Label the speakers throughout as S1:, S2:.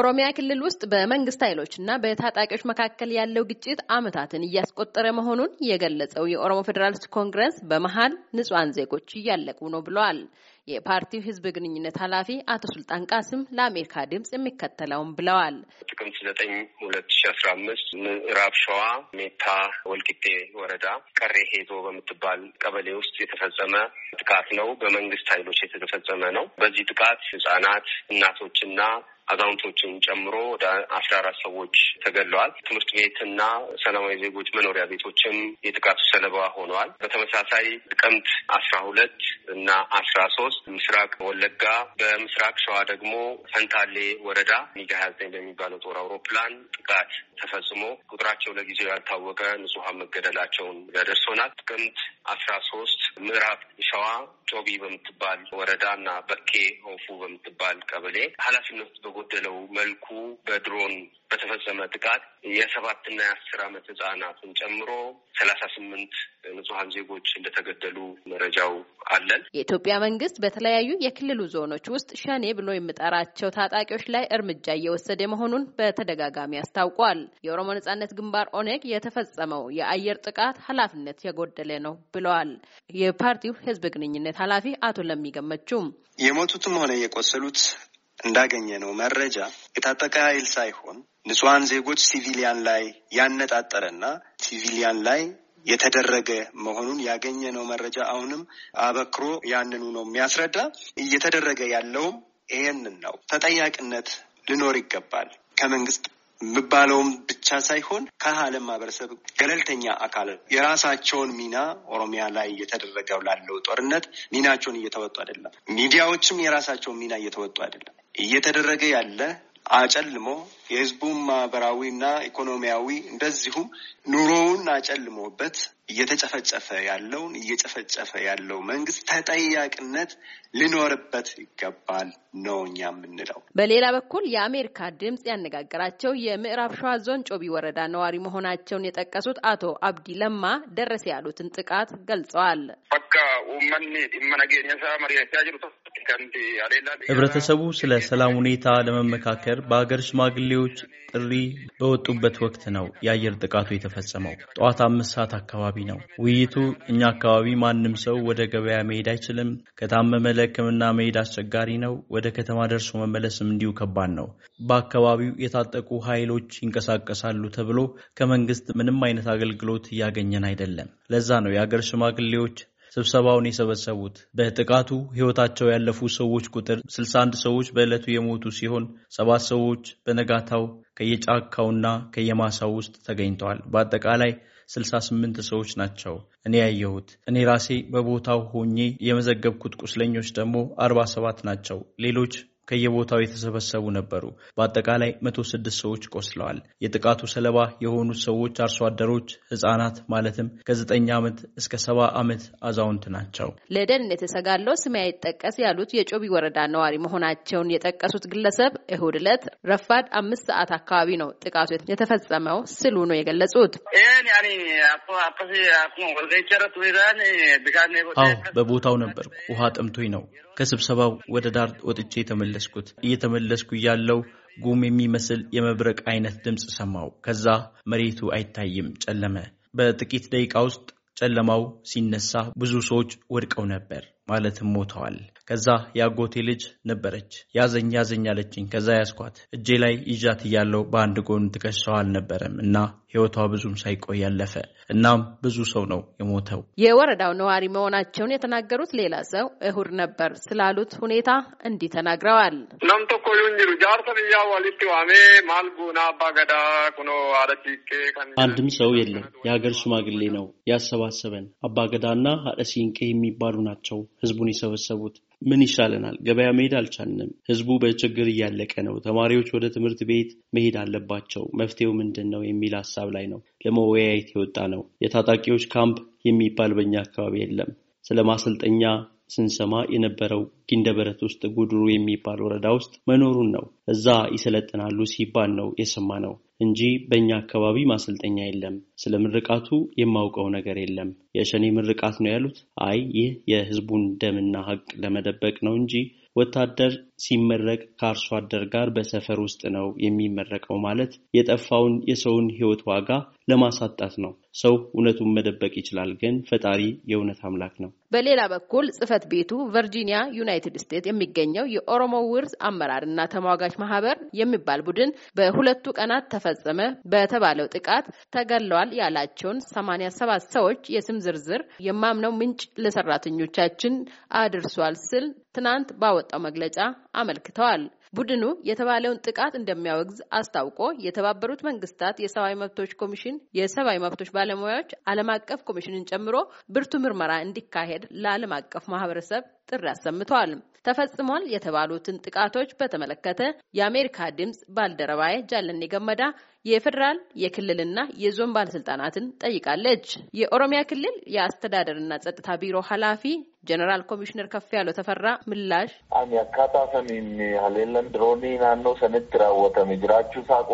S1: ኦሮሚያ ክልል ውስጥ በመንግስት ኃይሎች እና በታጣቂዎች መካከል ያለው ግጭት ዓመታትን እያስቆጠረ መሆኑን የገለጸው የኦሮሞ ፌዴራሊስት ኮንግረስ በመሀል ንጹሐን ዜጎች እያለቁ ነው ብለዋል። የፓርቲው ህዝብ ግንኙነት ኃላፊ አቶ ሱልጣን ቃስም ለአሜሪካ ድምጽ የሚከተለውን ብለዋል። ጥቅምት ዘጠኝ ሁለት ሺ አስራ አምስት ምዕራብ ሸዋ ሜታ
S2: ወልቂጤ ወረዳ ቀሬ ሄቶ በምትባል ቀበሌ ውስጥ የተፈጸመ ጥቃት ነው።
S3: በመንግስት ኃይሎች የተፈጸመ ነው። በዚህ ጥቃት ህጻናት፣ እናቶችና አዛውንቶችን ጨምሮ ወደ አስራ አራት ሰዎች ተገለዋል። ትምህርት ቤትና ሰላማዊ ዜጎች መኖሪያ ቤቶችም የጥቃቱ ሰለባ ሆነዋል። በተመሳሳይ ጥቅምት አስራ ሁለት እና አስራ ሶስት ምስራቅ ወለጋ፣ በምስራቅ ሸዋ ደግሞ ፈንታሌ ወረዳ ሚግ ሀያ ዘጠኝ በሚባለው ጦር አውሮፕላን ጥቃት ተፈጽሞ ቁጥራቸው ለጊዜው ያልታወቀ ንጹሀን መገደላቸውን ያደርሶናል። ጥቅምት አስራ ሶስት ምዕራብ ሸዋ ጮቢ በምትባል ወረዳ እና በኬ ሆፉ በምትባል ቀበሌ ኃላፊነት በጎደለው መልኩ በድሮን በተፈጸመ ጥቃት የሰባትና የአስር ዓመት ህጻናትን ጨምሮ ሰላሳ ስምንት ንጹሀን ዜጎች እንደተገደሉ መረጃው አለን።
S1: የኢትዮጵያ መንግስት በተለያዩ የክልሉ ዞኖች ውስጥ ሸኔ ብሎ የሚጠራቸው ታጣቂዎች ላይ እርምጃ እየወሰደ መሆኑን በተደጋጋሚ አስታውቋል። የኦሮሞ ነጻነት ግንባር ኦኔግ የተፈጸመው የአየር ጥቃት ኃላፊነት የጎደለ ነው ብለዋል። የፓርቲው ህዝብ ግንኙነት ኃላፊ አቶ ለሚገመችም የሞቱትም ሆነ የቆሰሉት እንዳገኘ ነው መረጃ የታጠቀ ኃይል ሳይሆን ንጹሐን ዜጎች ሲቪሊያን ላይ ያነጣጠረና ሲቪሊያን ላይ የተደረገ መሆኑን ያገኘ ነው መረጃ አሁንም አበክሮ ያንኑ ነው የሚያስረዳ። እየተደረገ ያለውም ይሄንን ነው። ተጠያቂነት ሊኖር ይገባል ከመንግስት የሚባለውም ብቻ ሳይሆን ከዓለም ማህበረሰብ ገለልተኛ አካል የራሳቸውን ሚና ኦሮሚያ ላይ እየተደረገ ላለው ጦርነት ሚናቸውን እየተወጡ አይደለም። ሚዲያዎችም የራሳቸውን ሚና እየተወጡ አይደለም። እየተደረገ ያለ አጨልሞ የህዝቡን ማህበራዊና ኢኮኖሚያዊ እንደዚሁም ኑሮውን አጨልሞበት እየተጨፈጨፈ ያለውን እየጨፈጨፈ ያለው መንግስት ተጠያቂነት ሊኖርበት ይገባል ነው እኛ የምንለው። በሌላ በኩል የአሜሪካ ድምፅ ያነጋገራቸው የምዕራብ ሸዋ ዞን ጮቢ ወረዳ ነዋሪ መሆናቸውን የጠቀሱት አቶ አብዲ ለማ ደረሰ ያሉትን ጥቃት ገልጸዋል። በቃ መኒ መነገኘሳ
S3: መሪያቻ ጅሩ ህብረተሰቡ ስለ ሰላም ሁኔታ ለመመካከር በሀገር ሽማግሌዎች ጥሪ በወጡበት ወቅት ነው የአየር ጥቃቱ የተፈጸመው። ጠዋት አምስት ሰዓት አካባቢ ነው ውይይቱ። እኛ አካባቢ ማንም ሰው ወደ ገበያ መሄድ አይችልም፣ ከታመመ ለሕክምና መሄድ አስቸጋሪ ነው፣ ወደ ከተማ ደርሶ መመለስም እንዲሁ ከባድ ነው፣ በአካባቢው የታጠቁ ኃይሎች ይንቀሳቀሳሉ ተብሎ ከመንግስት ምንም አይነት አገልግሎት እያገኘን አይደለም። ለዛ ነው የሀገር ሽማግሌዎች ስብሰባውን የሰበሰቡት። በጥቃቱ ሕይወታቸው ያለፉ ሰዎች ቁጥር 61 ሰዎች በዕለቱ የሞቱ ሲሆን ሰባት ሰዎች በነጋታው ከየጫካውና ከየማሳው ውስጥ ተገኝተዋል። በአጠቃላይ 68 ሰዎች ናቸው እኔ ያየሁት። እኔ ራሴ በቦታው ሆኜ የመዘገብኩት ቁስለኞች ደግሞ 47 ናቸው። ሌሎች ከየቦታው የተሰበሰቡ ነበሩ። በአጠቃላይ መቶ ስድስት ሰዎች ቆስለዋል። የጥቃቱ ሰለባ የሆኑት ሰዎች አርሶ አደሮች፣ ህጻናት ማለትም ከዘጠኝ ዓመት እስከ ሰባ ዓመት አዛውንት ናቸው።
S1: ለደህንነት የተሰጋለው ስሜ አይጠቀስ ያሉት የጮቢ ወረዳ ነዋሪ መሆናቸውን የጠቀሱት ግለሰብ እሁድ ዕለት ረፋድ አምስት ሰዓት አካባቢ ነው ጥቃቱ የተፈጸመው ስሉ ነው የገለጹት።
S3: አዎ በቦታው ነበርኩ። ውሃ ጠምቶኝ ነው ከስብሰባው ወደ ዳር ወጥቼ ተመለ የተመለስኩት። እየተመለስኩ እያለው ጉም የሚመስል የመብረቅ አይነት ድምፅ ሰማው። ከዛ መሬቱ አይታይም፣ ጨለመ። በጥቂት ደቂቃ ውስጥ ጨለማው ሲነሳ ብዙ ሰዎች ወድቀው ነበር። ማለትም ሞተዋል። ከዛ የአጎቴ ልጅ ነበረች። ያዘኝ ያዘኝ አለችኝ። ከዛ ያስኳት እጄ ላይ ይዣት እያለው በአንድ ጎን ትከሻዋ አልነበረም እና ህይወቷ ብዙም ሳይቆይ ያለፈ። እናም ብዙ ሰው ነው የሞተው።
S1: የወረዳው ነዋሪ መሆናቸውን የተናገሩት ሌላ ሰው እሁድ ነበር ስላሉት ሁኔታ እንዲህ ተናግረዋል።
S3: አንድም ሰው የለም። የሀገር ሽማግሌ ነው ያሰባሰበን። አባገዳና አረሲንቄ የሚባሉ ናቸው። ህዝቡን የሰበሰቡት? ምን ይሻለናል? ገበያ መሄድ አልቻልንም። ህዝቡ በችግር እያለቀ ነው። ተማሪዎች ወደ ትምህርት ቤት መሄድ አለባቸው። መፍትሄው ምንድን ነው የሚል ሀሳብ ላይ ነው ለመወያየት የወጣ ነው። የታጣቂዎች ካምፕ የሚባል በኛ አካባቢ የለም። ስለ ማሰልጠኛ ስንሰማ የነበረው ጊንደበረት ውስጥ ጉድሩ የሚባል ወረዳ ውስጥ መኖሩን ነው። እዛ ይሰለጥናሉ ሲባል ነው የሰማ ነው። እንጂ በእኛ አካባቢ ማሰልጠኛ የለም። ስለ ምርቃቱ የማውቀው ነገር የለም። የሸኔ ምርቃት ነው ያሉት። አይ ይህ የህዝቡን ደምና ሀቅ ለመደበቅ ነው እንጂ ወታደር ሲመረቅ ከአርሶ አደር ጋር በሰፈር ውስጥ ነው የሚመረቀው ማለት የጠፋውን የሰውን ህይወት ዋጋ ለማሳጣት ነው። ሰው እውነቱን መደበቅ ይችላል፣ ግን ፈጣሪ የእውነት አምላክ ነው።
S1: በሌላ በኩል ጽህፈት ቤቱ ቨርጂኒያ ዩናይትድ ስቴትስ የሚገኘው የኦሮሞ ውርዝ አመራር እና ተሟጋች ማህበር የሚባል ቡድን በሁለቱ ቀናት ተፈጸመ በተባለው ጥቃት ተገለዋል ያላቸውን ሰማኒያ ሰባት ሰዎች የስም ዝርዝር የማምነው ምንጭ ለሰራተኞቻችን አድርሷል ስል ትናንት ባወጣው መግለጫ አመልክተዋል። ቡድኑ የተባለውን ጥቃት እንደሚያወግዝ አስታውቆ የተባበሩት መንግስታት የሰብአዊ መብቶች ኮሚሽን የሰብአዊ መብቶች ባለሙያዎች ዓለም አቀፍ ኮሚሽንን ጨምሮ ብርቱ ምርመራ እንዲካሄድ ለዓለም አቀፍ ማህበረሰብ ጥሪ አሰምተዋል። ተፈጽሟል የተባሉትን ጥቃቶች በተመለከተ የአሜሪካ ድምጽ ባልደረባዬ ጃለኔ ገመዳ የፌዴራል የክልልና የዞን ባለስልጣናትን ጠይቃለች። የኦሮሚያ ክልል የአስተዳደርና ጸጥታ ቢሮ ኃላፊ ጀነራል ኮሚሽነር ከፍ ያለው ተፈራ ምላሽ
S3: አኒ አካታሰን ሀሌለን ድሮኒ ናኖ ሰንት ራወተም
S2: ጅራችሁ ሳቁ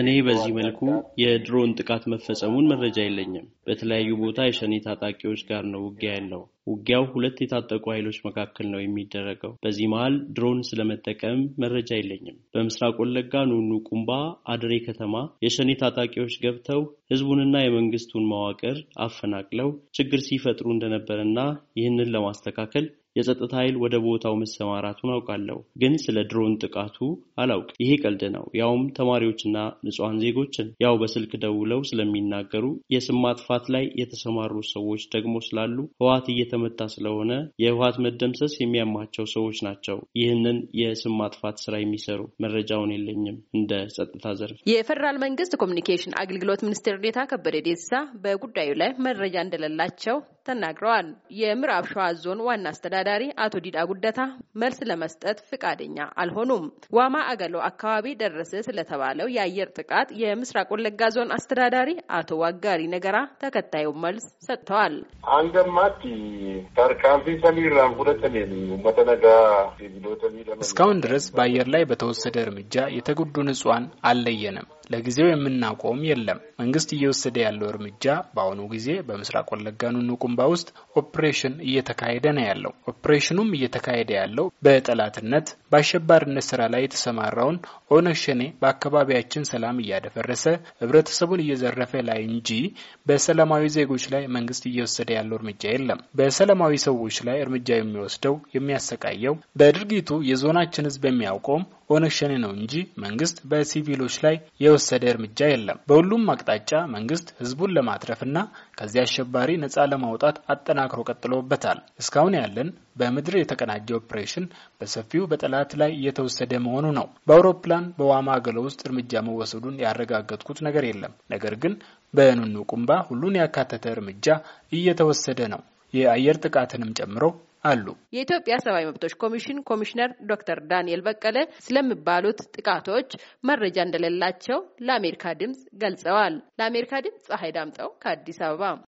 S3: እኔ በዚህ መልኩ የድሮን ጥቃት መፈጸሙን መረጃ የለኝም። በተለያዩ ቦታ የሸኔ ታጣቂዎች ጋር ነው ውጊያ ያለው። ውጊያው ሁለት የታጠቁ ኃይሎች መካከል ነው የሚደረገው። በዚህ መሃል ድሮን ስለመጠቀም መረጃ የለኝም። በምስራቅ ወለጋ ኑኑ ቁምባ አድሬ ከተማ የሸኔ ታጣቂዎች ገብተው ህዝቡንና የመንግስቱን መዋቅር አፈናቅለው ችግር ሲፈጥሩ እንደነበረና ይህንን ለማስተካከል የጸጥታ ኃይል ወደ ቦታው መሰማራቱን አውቃለሁ፣ ግን ስለ ድሮን ጥቃቱ አላውቅ ይሄ ቀልድ ነው፣ ያውም ተማሪዎችና ንጹሐን ዜጎችን። ያው በስልክ ደውለው ስለሚናገሩ የስም ማጥፋት ላይ የተሰማሩ ሰዎች ደግሞ ስላሉ ህወሓት እየተመታ ስለሆነ የህወሓት መደምሰስ የሚያማቸው ሰዎች ናቸው ይህንን የስም ማጥፋት ስራ የሚሰሩ። መረጃውን የለኝም እንደ ጸጥታ ዘርፍ።
S1: የፌዴራል መንግስት ኮሚኒኬሽን አገልግሎት ሚኒስትር ዴታ ከበደ ዴሳ በጉዳዩ ላይ መረጃ እንደሌላቸው ተናግረዋል። የምዕራብ ሸዋ ዞን ዋና አስተዳዳሪ አቶ ዲዳ ጉደታ መልስ ለመስጠት ፍቃደኛ አልሆኑም። ዋማ አገሎ አካባቢ ደረሰ ስለተባለው የአየር ጥቃት የምስራቅ ወለጋ ዞን አስተዳዳሪ አቶ ዋጋሪ ነገራ ተከታዩ መልስ ሰጥተዋል።
S2: ሁለተኔ መተነጋ እስካሁን ድረስ በአየር ላይ በተወሰደ እርምጃ የተጎዱ ንጹሐን አልለየንም። ለጊዜው የምናውቀውም የለም። መንግስት እየወሰደ ያለው እርምጃ በአሁኑ ጊዜ በምስራቅ ወለጋ ኑኑ ጡምባ ውስጥ ኦፕሬሽን እየተካሄደ ነው ያለው። ኦፕሬሽኑም እየተካሄደ ያለው በጠላትነት በአሸባሪነት ስራ ላይ የተሰማራውን ኦነግ ሸኔ በአካባቢያችን ሰላም እያደፈረሰ ህብረተሰቡን እየዘረፈ ላይ እንጂ በሰላማዊ ዜጎች ላይ መንግስት እየወሰደ ያለው እርምጃ የለም። በሰላማዊ ሰዎች ላይ እርምጃ የሚወስደው የሚያሰቃየው በድርጊቱ የዞናችን ህዝብ የሚያውቀውም ኦነግ ሸኔ ነው እንጂ መንግስት በሲቪሎች ላይ የወሰደ እርምጃ የለም። በሁሉም አቅጣጫ መንግስት ህዝቡን ለማትረፍና ከዚህ አሸባሪ ነጻ ለማውጣት አጠናክሮ ቀጥሎበታል። እስካሁን ያለን በምድር የተቀናጀ ኦፕሬሽን በሰፊው በጠላት ላይ እየተወሰደ መሆኑ ነው። በአውሮፕላን በዋማ ማገሎ ውስጥ እርምጃ መወሰዱን ያረጋገጥኩት ነገር የለም። ነገር ግን በኑኑ ቁምባ ሁሉን ያካተተ እርምጃ እየተወሰደ ነው የአየር ጥቃትንም ጨምሮ አሉ።
S1: የኢትዮጵያ ሰብአዊ መብቶች ኮሚሽን ኮሚሽነር ዶክተር ዳንኤል በቀለ ስለሚባሉት ጥቃቶች መረጃ እንደሌላቸው ለአሜሪካ ድምጽ ገልጸዋል። ለአሜሪካ ድምጽ ፀሐይ ዳምጠው ከአዲስ አበባ